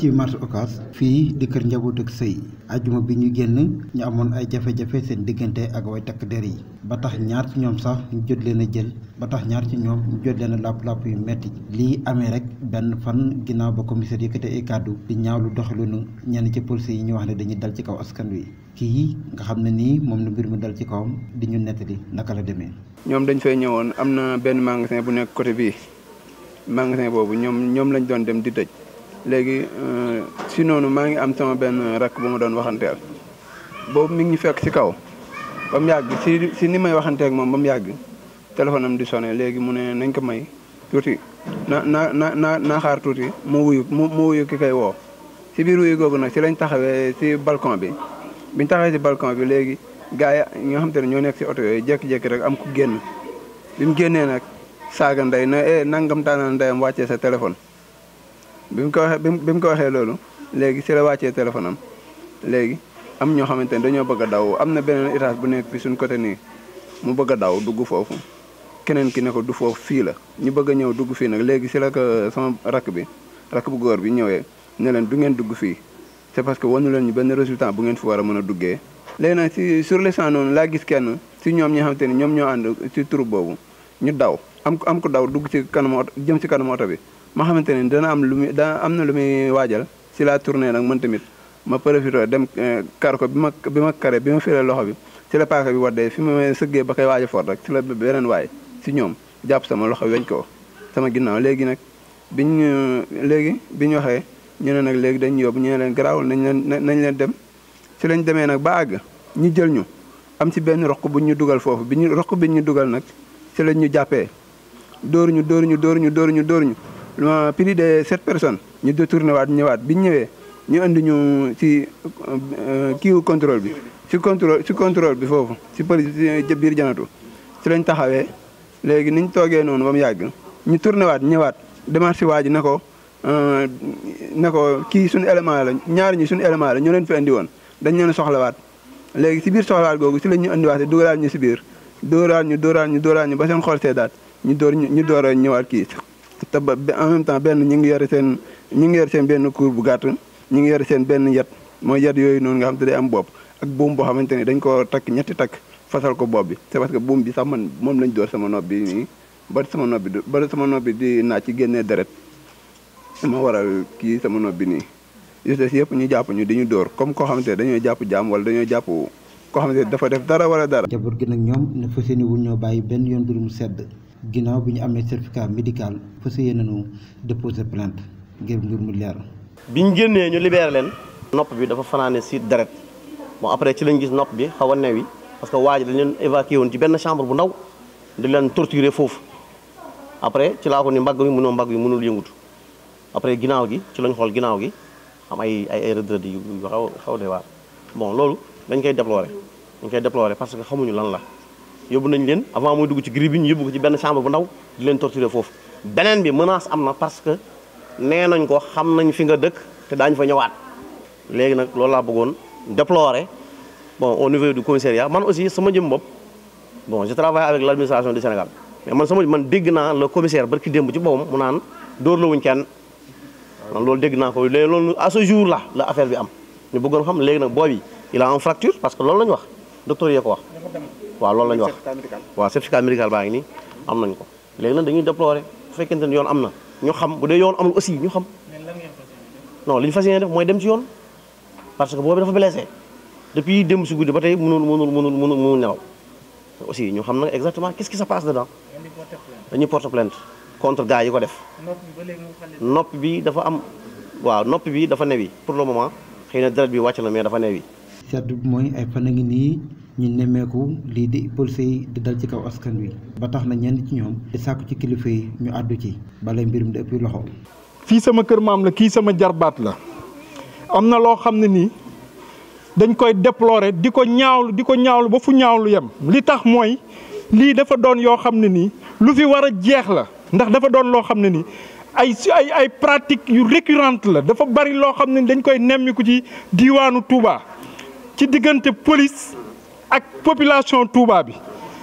ci marché Ocass fii di kër njaboot ak sëy ajuma bi ñu génn ñu amoon ay jafe-jafe seen diggante ak way takk der yi ba tax ñaar ci ñoom sax ñu jot leen a jël ba tax ñaar ci ñoom ñu jot leen a làpp-làpp yu metti lii amee rek benn fan ginnaaw ba commissaire yëkkate ay kàddu di ñaaw lu doxalinu ñenn ci policiers yi ñu wax ne dañuy dal ci kaw askan wi kii nga xam ne nii moom la mbir mi dal ci kaw di ñu nettali naka la demee. ñoom dañ fay ñëwoon am na benn magasin bu nekk côté bii magasin boobu ñoom ñoom lañ doon dem di tëj léegi euh, si noonu maa ngi am sama benn rakk bu ma doon waxanteel boobu mi ngi ñu fekk si kaw ba mu yàgg si si ni may waxanteeg moom ba mu yàgg téléphone am di sonné léegi mu ne nañ ko may tuuti na na na na naa xaar tuuti mu wuyu mu wuyu ki koy woo si biir wuyu googu nag si lañ taxawee si balcon bi biñ taxawee si balcon bi léegi gars yi ñoo xam te ne ñoo nekk si oto yooyu jékki-jékki rek am ku génn bi mu génnee nag saaga ndey na eh nangam taanaan ndeyam wàcce sa téléphone. bi mu ko waxee bi mu ko waxee loolu léegi si la wàccee téléphone léegi am ñoo xamante ne dañoo bëgg a daw am na beneen étage bu nekk fi suñu côté nii mu bëgg a daw dugg foofu keneen ki ne ko du foofu fii la ñu bëgg a ñëw dugg fii nag léegi si la ko sama rakk bi rakk bu góor bi ñëwee ne du ngeen dugg fii c'est parce que wanu leen ñu benn résultat bu ngeen fi war a mën a duggee léegi si sur le champ noonu laa gis kenn si ñoom ñi nga xamante ñoom ñoo ànd si troupe boobu ñu daw am am ko daw dugg ci kanamu jëm si kanamu bi ma xamante ne dana am lu muy dana am na lu muy waajal si la tournée nag mën tamit ma profité dem eh, kar ko bi ma bi ma kare bi ma firee loxo bi ci la paaka bi waddee fi ma sëggee ba koy waaj a fort rek ci la waay si ñoom jàpp sama loxo weñ ko sama ginnaaw léegi nag biñ ñu léegi bi ñu waxee ñu ne nag léegi dañ yóbbu ñu ne leen garaawul nañ leen nañ leen dem ci lañ demee nag ba àgg ñu jël ñu am ci benn roq bu ñu dugal foofu bi ñu roq bi ñu dugal nag ci lañ ñu jàppee dóor ñu dóor ñu dóor ñu dóor ñu dóor ñu prix de sept personnes ñu détourné waat ñëwaat bi ñu ñëwee ñu indi ñu si euh, kiiwu control bi si contrôle si contrôle bi foofu si police biir janatu si lañ taxawee léegi ñu toogee noonu ba mu yàgg ñu tourné waat ñëwaat démarché waa ji ne ko euh, ne ko kii suñu élément la ñaar ñu suñu élément la ñu leen fi indi woon dañ leen soxlawaat léegi si biir soxlawaat googu si lañ ñu indiwaatee dugalaat ñu si biir dóoraat ñu dóoraat ñu dóoraat ñu ba seen xol seedaat ñu door ñu door a ñëwaat kii te ba en même benn ñu ngi yore seen ñu ngi yore seen benn kuur bu gàtt ñu ngi yore seen benn yat mooy yat yooyu noonu nga xam te day am bopp ak buum boo xamante ne dañ ko takk ñetti takk fasal ko bopp bi c'est parce que buum bi sax man moom lañ door sama nopp bi nii ba sama nopp bi ba sama nopp di naaj ci génnee deret ma waral kii sama nopp bi nii yu yëpp ñu jàpp ñu di ñu dóor comme koo xamante ne dañoo jàpp jaam wala dañoo jàpp ko xamante dafa def dara wala dara. njaboot gi nag ñoom ne fas yéene wuñ ñoo bàyyi benn yoon bi mu sedd. ginnaaw bi ñu amee certificat médical fas yéene nañu déposer plainte ngir mbir mu leer. bi ñu génnee ñu libéré leen. nopp bi dafa fanaane si deret bon après ci lañ gis nopp bi xaw a new newi parce que waa ji dañ leen évacué woon ci benn chambre bu ndaw di leen torturer foofu après ci laa ko ni mbagg mi mënoo mbagg mi mënul yëngutu après ginnaaw gi ci lañ xool ginnaaw gi am ay ay ay rëdd yu xaw xaw de waar bon loolu dañ koy déplorer dañ koy déplorer parce que xamuñu lan la. yóbbu nañ leen avant muy dugg ci gri bi ñu yóbbu ko ci benn chambre bu ndaw di leen torturer foofu beneen bi menace am na parce que nee nañ ko xam nañ fi nga dëkk te daañ fa ñëwaat léegi nag loolu laa bëggoon déplorer bon au niveau du commissariat man aussi sama jëm bopp bon je travaille avec l'administration du Sénégal mais man sama man dégg naa le commissaire barki démb ci boppam mu naan dóor la wuñ kenn man loolu dégg naa ko léegi loolu à ce jour là la bi am ñu bëggoon xam léegi nag booy bi il a en parce que loolu la ñu wax docteur yee ko wax waaw loolu la ñu wax waaw certificat médical baa ngi nii am nañ ko léegi nag dañuy déplorer bu fekkente ne yoon am na ñu xam bu dee yoon amul aussi ñu xam non li ñu fas yéene mooy dem ci yoon parce que boobu dafa blessé depuis démb guddi ba tey mënul mënul mënul mënul mënul nelaw aussi ñu xam na exactement qu'est-ce qui se passe dedans dañuy porte plainte contre gars yi ko def nopp bi dafa am waaw noppi bi dafa new yi pour le moment xëy na deret bi wàcc la mais dafa new yi si bi mooy ay fan a ngi nii ñu nemmeeku lii di policier yi di dal ci kaw askan wi ba tax na ñenn ci ñoom di sàkku ci kilifa yi ñu àddu ci bala mbirum di ëpp loxo. fii sama kër maam la kii sama jarbaat la am na loo xam ne nii dañ koy déplorer di ko ñaawlu di ko ñaawlu ba fu ñaawlu yem li tax mooy lii dafa doon yoo xam ne nii lu fi war a jeex la ndax dafa doon loo xam ne nii. ay ay ay pratique yu récurrente la dafa bari loo xam ne dañ koy nemmiku ci diiwaanu Touba ci diggante police ak population Touba bi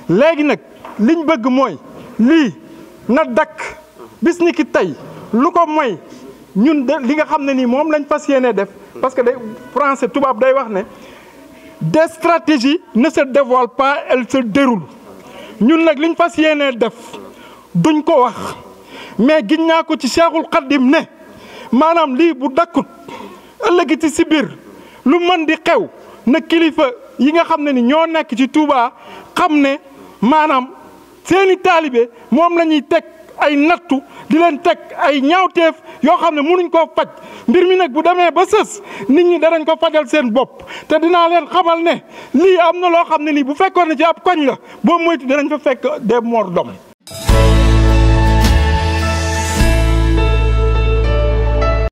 léegi nag liñ bëgg mooy lii na dakk bis ni tey lu ko moy ñun de li nga xam ne nii moom lañ fas yéenee def parce que day français tubaab day wax ne des stratégie ne se dévoilent pas elles se déroulent ñun nag liñ fas yéenee def duñ ko wax mais giñ naa ko ci Cheikhul Khadim ne maanaam lii bu dakkut ëllëgi ci si biir lu mën di xew na kilifa yi nga xam ne ni ñoo nekk ci Touba xam ne maanaam seeni taalibe moom lañuy ñuy teg ay nattu di leen teg ay ñaawteef yoo xam ne mënuñ koo faj mbir mi nag bu demee ba sës nit ñi danañ ko fajal seen bopp te dinaa leen xamal ne lii am na loo xam ne nii bu fekkoon ne ci ap koñ la boo moytu danañ fa fekk des morts d'hommes